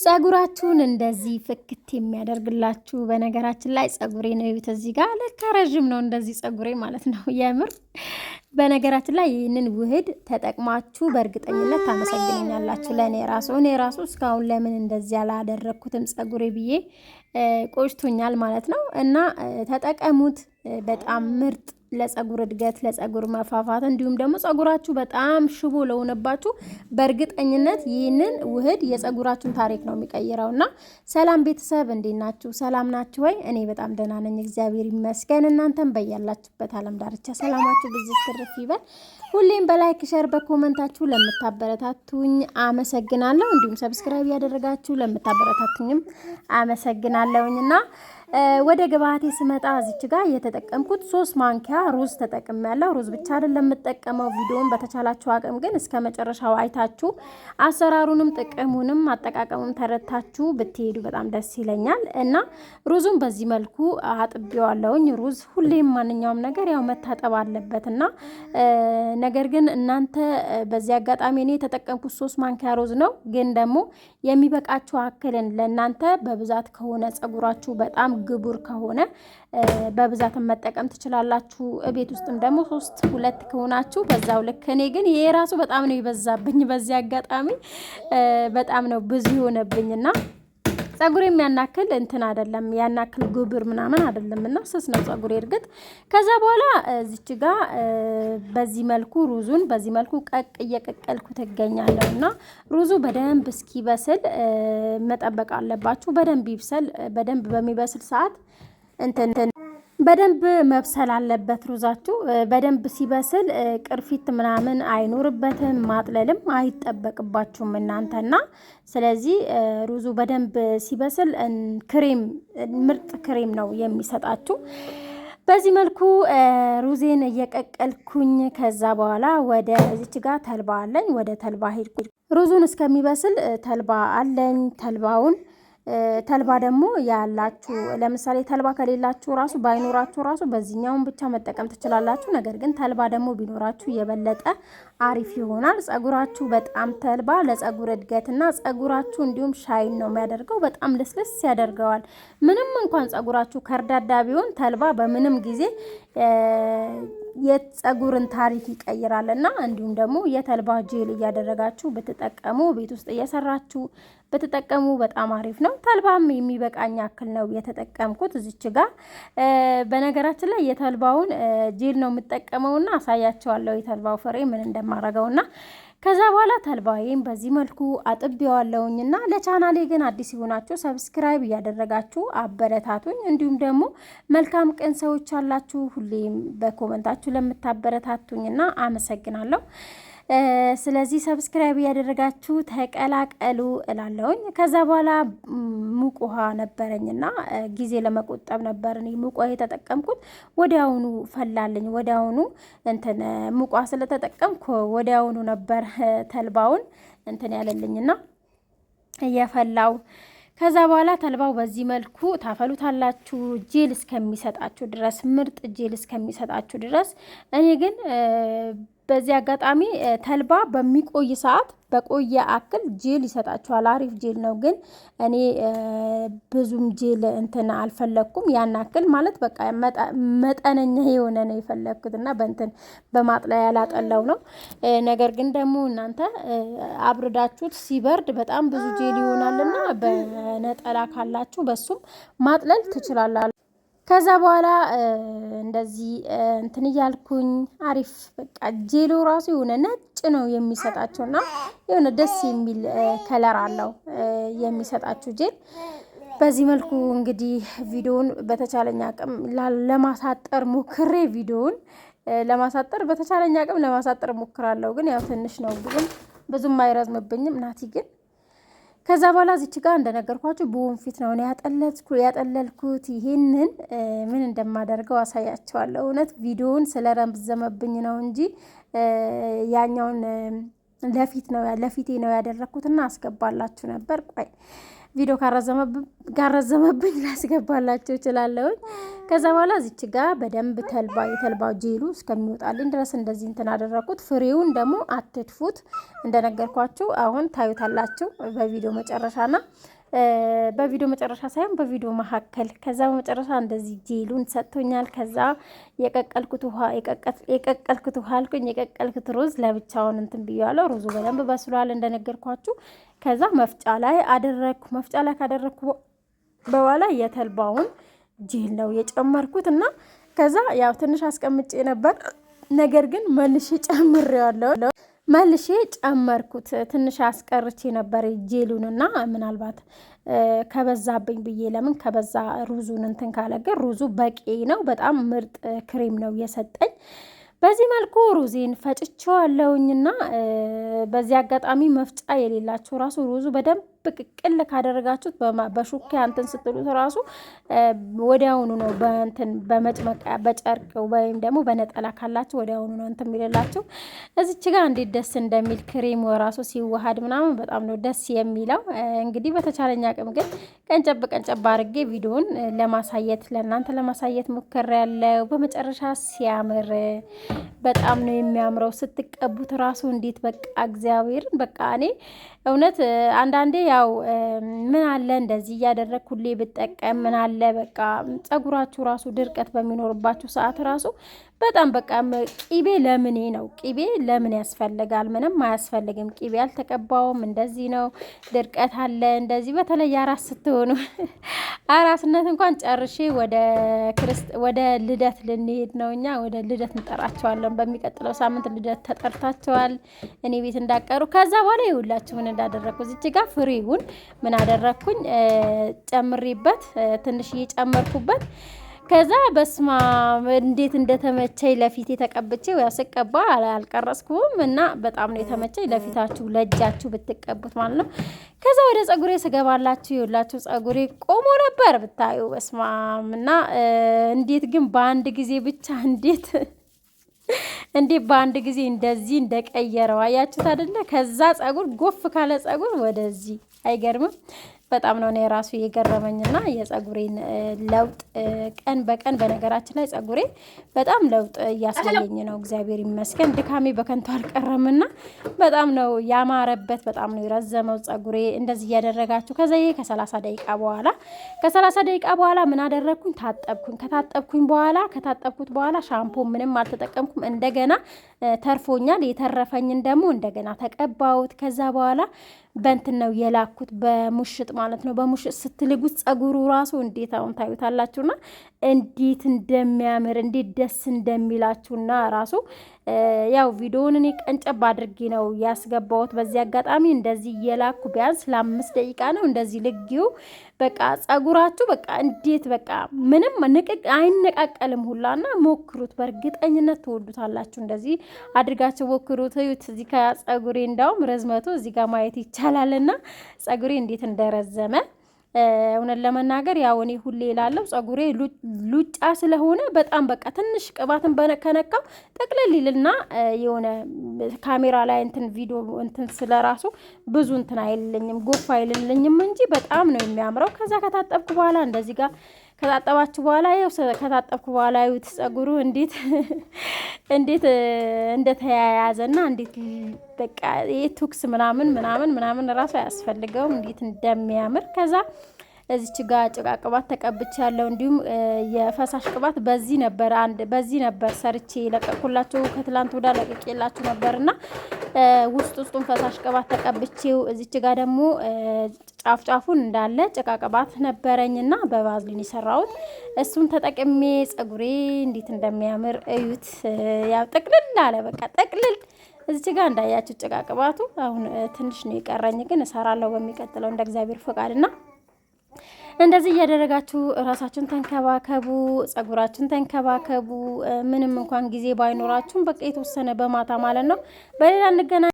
ጸጉራችሁን እንደዚህ ፍክት የሚያደርግላችሁ። በነገራችን ላይ ጸጉሬ ነው እዚህ ጋር ለካ ረዥም ነው እንደዚህ ጸጉሬ ማለት ነው። የምር በነገራችን ላይ ይህንን ውህድ ተጠቅማችሁ በእርግጠኝነት ታመሰግነኛላችሁ። ለእኔ ራሱ እኔ ራሱ እስካሁን ለምን እንደዚህ አላደረግኩትም ጸጉሬ ብዬ ቆጭቶኛል ማለት ነው። እና ተጠቀሙት። በጣም ምርጥ ለጸጉር እድገት ለጸጉር መፋፋት እንዲሁም ደግሞ ጸጉራችሁ በጣም ሽቦ ለሆነባችሁ በእርግጠኝነት ይህንን ውህድ የጸጉራችሁን ታሪክ ነው የሚቀይረው። እና ሰላም ቤተሰብ እንዴት ናችሁ? ሰላም ናችሁ ወይ? እኔ በጣም ደህና ነኝ፣ እግዚአብሔር ይመስገን። እናንተም በያላችሁበት ዓለም ዳርቻ ሰላማችሁ ብዙ ትርፍ ይበል። ሁሌም በላይክ ሸር፣ በኮመንታችሁ ለምታበረታቱኝ አመሰግናለሁ። እንዲሁም ሰብስክራይብ ያደረጋችሁ ለምታበረታቱኝም አመሰግናለሁኝ እና ወደ ግብአቴ ስመጣ እዚች ጋር እየተጠቀምኩት ሶስት ማንኪያ ሩዝ ያለው ሩዝ ብቻ አይደለም የምጠቀመው። ቪዲዮን በተቻላችሁ አቅም ግን እስከ መጨረሻው አይታችሁ አሰራሩንም ጥቅሙንም አጠቃቀሙም ተረታችሁ ብትሄዱ በጣም ደስ ይለኛል እና ሩዙን በዚህ መልኩ አጥቢዋለውኝ። ሩዝ ሁሌም ማንኛውም ነገር ያው መታጠብ አለበት እና ነገር ግን እናንተ በዚህ አጋጣሚ እኔ የተጠቀምኩት ሶስት ማንኪያ ሩዝ ነው። ግን ደግሞ የሚበቃችሁ አክልን ለእናንተ በብዛት ከሆነ ጸጉራችሁ በጣም ግቡር ከሆነ በብዛትም መጠቀም ትችላላችሁ። ቤት ውስጥም ደግሞ ሶስት ሁለት ከሆናችሁ በዛው ልክ። እኔ ግን ይሄ ራሱ በጣም ነው የበዛብኝ። በዚህ አጋጣሚ በጣም ነው ብዙ የሆነብኝና ጸጉር የሚያናክል እንትን አይደለም ያናክል ጉብር ምናምን አይደለም እና ስስ ነው ጸጉር እርግጥ። ከዛ በኋላ እዚች ጋ በዚህ መልኩ ሩዙን በዚህ መልኩ ቀቅ እየቀቀልኩ ትገኛለሁ እና ሩዙ በደንብ እስኪበስል መጠበቅ አለባችሁ። በደንብ ይብሰል። በደንብ በሚበስል ሰዓት እንትን በደንብ መብሰል አለበት ሩዛችሁ። በደንብ ሲበስል ቅርፊት ምናምን አይኖርበትም፣ ማጥለልም አይጠበቅባችሁም እናንተና። ስለዚህ ሩዙ በደንብ ሲበስል ክሬም፣ ምርጥ ክሬም ነው የሚሰጣችሁ። በዚህ መልኩ ሩዜን እየቀቀልኩኝ ከዛ በኋላ ወደ እዚች ጋር ተልባ አለኝ፣ ወደ ተልባ ሄድኩ። ሩዙን እስከሚበስል ተልባ አለኝ። ተልባውን ተልባ ደግሞ ያላችሁ ለምሳሌ ተልባ ከሌላችሁ ራሱ ባይኖራችሁ ራሱ በዚህኛውን ብቻ መጠቀም ትችላላችሁ። ነገር ግን ተልባ ደግሞ ቢኖራችሁ የበለጠ አሪፍ ይሆናል። ጸጉራችሁ በጣም ተልባ ለጸጉር እድገትና ጸጉራችሁ እንዲሁም ሻይን ነው የሚያደርገው፣ በጣም ልስልስ ያደርገዋል። ምንም እንኳን ጸጉራችሁ ከርዳዳ ቢሆን ተልባ በምንም ጊዜ የፀጉርን ታሪክ ይቀይራል እና እንዲሁም ደግሞ የተልባ ጄል እያደረጋችሁ ብትጠቀሙ ቤት ውስጥ እየሰራችሁ ብትጠቀሙ በጣም አሪፍ ነው። ተልባም የሚበቃኝ ያክል ነው የተጠቀምኩት እዚች ጋር። በነገራችን ላይ የተልባውን ጄል ነው የምጠቀመውና አሳያቸዋለሁ የተልባው ፍሬ ምን እንደማረገውና ከዛ በኋላ ተልባዬም በዚህ መልኩ አጥቤዋለሁኝ እና ለቻናሌ ግን አዲስ የሆናችሁ ሰብስክራይብ እያደረጋችሁ አበረታቱኝ። እንዲሁም ደግሞ መልካም ቀን ሰዎች አላችሁ ሁሌም በኮመንታችሁ ለምታበረታቱኝ እና አመሰግናለሁ። ስለዚህ ሰብስክራይብ እያደረጋችሁ ተቀላቀሉ እላለሁኝ። ከዛ በኋላ ሙቅ ውሃ ነበረኝና ጊዜ ለመቆጠብ ነበር ሙቅ ውሃ የተጠቀምኩት። ወዲያውኑ ፈላልኝ፣ ወዲያውኑ እንትን ሙቅ ውሃ ስለተጠቀምኩ ወዲያውኑ ነበር ተልባውን እንትን ያለልኝና እየፈላው ከዛ በኋላ ተልባው በዚህ መልኩ ታፈሉታላችሁ፣ ጄል እስከሚሰጣችሁ ድረስ ምርጥ ጄል እስከሚሰጣችሁ ድረስ እኔ ግን በዚህ አጋጣሚ ተልባ በሚቆይ ሰዓት በቆየ አክል ጄል ይሰጣችኋል። አሪፍ ጄል ነው፣ ግን እኔ ብዙም ጄል እንትን አልፈለግኩም። ያን አክል ማለት በቃ መጠነኛ የሆነ ነው የፈለግኩት እና በእንትን በማጥለያ ያላጠላው ነው። ነገር ግን ደግሞ እናንተ አብርዳችሁት ሲበርድ በጣም ብዙ ጄል ይሆናልና በነጠላ ካላችሁ በሱም ማጥለል ትችላላችሁ። ከዛ በኋላ እንደዚህ እንትን እያልኩኝ አሪፍ በቃ ጄሎ ራሱ የሆነ ነጭ ነው የሚሰጣቸው እና የሆነ ደስ የሚል ከለር አለው የሚሰጣችሁ ጄል። በዚህ መልኩ እንግዲህ ቪዲዮውን በተቻለኝ አቅም ለማሳጠር ሞክሬ ቪዲዮውን ለማሳጠር በተቻለኝ አቅም ለማሳጠር ሞክራለሁ። ግን ያው ትንሽ ነው ብዙም አይረዝምብኝም ናቲ ግን ከዛ በኋላ እዚች ጋር እንደነገርኳችሁ ብውን ፊት ነው ያጠለልኩት። ይህንን ምን እንደማደርገው አሳያቸዋለሁ። እውነት ቪዲዮውን ስለረምዘመብኝ ነው እንጂ ያኛውን ለፊት ነው ለፊቴ ነው ያደረግኩትና አስገባላችሁ ነበር። ቆይ ቪዲዮ ካረዘመብኝ ላስገባላችሁ እችላለሁኝ። ከዛ በኋላ እዚች ጋር በደንብ ተልባ የተልባ ጄሉ እስከሚወጣልኝ ድረስ እንደዚህ እንትን አደረግኩት። ፍሬውን ደግሞ አትድፉት፣ እንደነገርኳችሁ አሁን ታዩታላችሁ በቪዲዮ መጨረሻና በቪዲዮ መጨረሻ ሳይሆን በቪዲዮ መካከል። ከዛ በመጨረሻ እንደዚህ ጄሉን ሰጥቶኛል። ከዛ የቀቀልኩት ውሃ የቀቀልኩት ውሃ አልኩኝ የቀቀልኩት ሩዝ ለብቻውን እንትን ብያለው። ሩዙ በደንብ በስሏል እንደነገርኳችሁ። ከዛ መፍጫ ላይ አደረግኩ። መፍጫ ላይ ካደረግኩ በኋላ የተልባውን ጄል ነው የጨመርኩት እና ከዛ ያው ትንሽ አስቀምጬ ነበር ነገር ግን መልሼ ጨምሬዋለሁ። መልሼ ጨመርኩት። ትንሽ አስቀርቼ ነበር ጄሉንና ምናልባት ከበዛብኝ ብዬ ለምን ከበዛ ሩዙን እንትን ካለ ግን ሩዙ በቂ ነው። በጣም ምርጥ ክሬም ነው የሰጠኝ። በዚህ መልኩ ሩዜን ፈጭቸዋለውኝና በዚህ አጋጣሚ መፍጫ የሌላቸው ራሱ ሩዙ በደንብ ቅቅል ካደረጋችሁት በሹካ እንትን ስትሉት ራሱ ወዲያውኑ ነው በእንትን በመጭመቂያ በጨርቅ ወይም ደግሞ በነጠላ ካላችሁ ወዲያውኑ ነው እንትን የሚልላችሁ። እዚች ጋር እንዴት ደስ እንደሚል ክሬሙ ራሱ ሲዋሃድ ምናምን በጣም ነው ደስ የሚለው። እንግዲህ በተቻለኝ አቅም ግን ቀንጨብ ቀንጨብ አድርጌ ቪዲዮን ለማሳየት ለእናንተ ለማሳየት ሞክሬያለሁ። በመጨረሻ ሲያምር በጣም ነው የሚያምረው ስትቀቡት ራሱ እንዴት በቃ እግዚአብሔርን በቃ እኔ እውነት አንዳንዴ ያው ምን አለ እንደዚህ እያደረግ ሁሌ ብጠቀም ምን አለ በቃ ጸጉራችሁ ራሱ ድርቀት በሚኖርባችሁ ሰዓት ራሱ በጣም በቃ ቂቤ ለምኔ ነው ቂቤ ለምን ያስፈልጋል? ምንም አያስፈልግም። ቂቤ አልተቀባውም እንደዚህ ነው ድርቀት አለ እንደዚህ በተለይ አራስ ስትሆኑ አራስነት እንኳን ጨርሼ ወደ ክርስት ወደ ልደት ልንሄድ ነው። እኛ ወደ ልደት እንጠራቸዋለን። በሚቀጥለው ሳምንት ልደት ተጠርታቸዋል። እኔ ቤት እንዳቀሩ ከዛ በኋላ ይውላችሁ ምን እንዳደረግኩ እዚች ጋር ፍሪውን ምን አደረግኩኝ ጨምሬበት ትንሽ እየጨመርኩበት ከዛ በስማ እንዴት እንደተመቸኝ ለፊቴ ተቀብቼ ስቀባ አልቀረጽኩም እና በጣም ነው የተመቸኝ። ለፊታችሁ ለእጃችሁ ብትቀቡት ማለት ነው። ከዛ ወደ ጸጉሬ ስገባላችሁ ይውላችሁ ጸጉሬ ቆሞ ነበር ብታዩ በስማ እና እንዴት ግን በአንድ ጊዜ ብቻ እንዴት እንዴት በአንድ ጊዜ እንደዚህ እንደቀየረው አያችሁት አይደለ? ከዛ ጸጉር ጎፍ ካለ ጸጉር ወደዚህ አይገርምም? በጣም ነው እኔ ራሱ የገረመኝና የጸጉሬን ለውጥ ቀን በቀን በነገራችን ላይ ጸጉሬ በጣም ለውጥ እያሳየኝ ነው። እግዚአብሔር ይመስገን። ድካሜ በከንቱ አልቀረምና በጣም ነው ያማረበት፣ በጣም ነው የረዘመው ጸጉሬ። እንደዚህ እያደረጋችሁ ከዛ ከሰላሳ ደቂቃ በኋላ ከሰላሳ ደቂቃ በኋላ ምን አደረግኩኝ? ታጠብኩኝ። ከታጠብኩኝ በኋላ ከታጠብኩት በኋላ ሻምፖ ምንም አልተጠቀምኩም። እንደገና ተርፎኛል። የተረፈኝን ደግሞ እንደገና ተቀባሁት። ከዛ በኋላ በእንትን ነው የላኩት በሙሽጥ ማለት ነው። በሙሽ ስትልጉት ጸጉሩ ራሱ እንዴት አሁን ታዩታላችሁና እንዴት እንደሚያምር እንዴት ደስ እንደሚላችሁና ራሱ ያው ቪዲዮውን እኔ ቀንጨብ አድርጌ ነው ያስገባሁት። በዚህ አጋጣሚ እንደዚህ እየላኩ ቢያንስ ለአምስት ደቂቃ ነው እንደዚህ ልጊው። በቃ ጸጉራችሁ በቃ እንዴት በቃ ምንም ንቅቅ አይነቃቀልም ሁላና ሞክሩት። በእርግጠኝነት ትወዱታላችሁ። እንደዚህ አድርጋችሁ ሞክሩት፣ እዩት። እዚህ ከጸጉሬ እንዳውም ረዝመቱ እዚህ ጋር ማየት ይቻላልና ጸጉሬ እንዴት እንደረዘመ እውነት ለመናገር ያው እኔ ሁሌ እላለሁ ፀጉሬ ሉጫ ስለሆነ በጣም በቃ ትንሽ ቅባትን ከነካው ጠቅለል ይልና የሆነ ካሜራ ላይ እንትን ቪዲዮ እንትን ስለራሱ ብዙ እንትን አይልልኝም፣ ጎፍ አይልልኝም እንጂ በጣም ነው የሚያምረው። ከዛ ከታጠብኩ በኋላ እንደዚህ ጋር ከታጠባችሁ በኋላ ያው ከታጠብኩ በኋላ ያዩት ጸጉሩ እንዴት እንዴት እንደተያያዘና እንዴት በቃ የቱክስ ምናምን ምናምን ምናምን ራሱ አያስፈልገውም እንዴት እንደሚያምር ከዛ እዚች ጋ ጭቃ ቅባት ተቀብቻ ያለው እንዲሁም የፈሳሽ ቅባት በዚህ ነበር አንድ በዚህ ነበር ሰርቼ ለቀቁላችሁ ከትላንት ወዳ ለቅቄላችሁ እና ውስጥ ውስጡን ፈሳሽ ቅባት ተቀብቼው እዚች ጋ ደግሞ ጫፍ ጫፉን እንዳለ ጭቃ ቅባት ነበረኝና በቫዝሊን የሰራሁት እሱን ተጠቅሜ ጸጉሬ እንዴት እንደሚያምር እዩት። ያው ጠቅልል አለ በቃ ጠቅልል እዚች ጋር እንዳያችሁ ጭቃ ቅባቱ አሁን ትንሽ ነው የቀረኝ፣ ግን እሰራለሁ በሚቀጥለው እንደ እግዚአብሔር ፈቃድና እንደዚህ እያደረጋችሁ ራሳችሁን ተንከባከቡ፣ ጸጉራችሁን ተንከባከቡ። ምንም እንኳን ጊዜ ባይኖራችሁም በቃ የተወሰነ በማታ ማለት ነው። በሌላ እንገናኝ።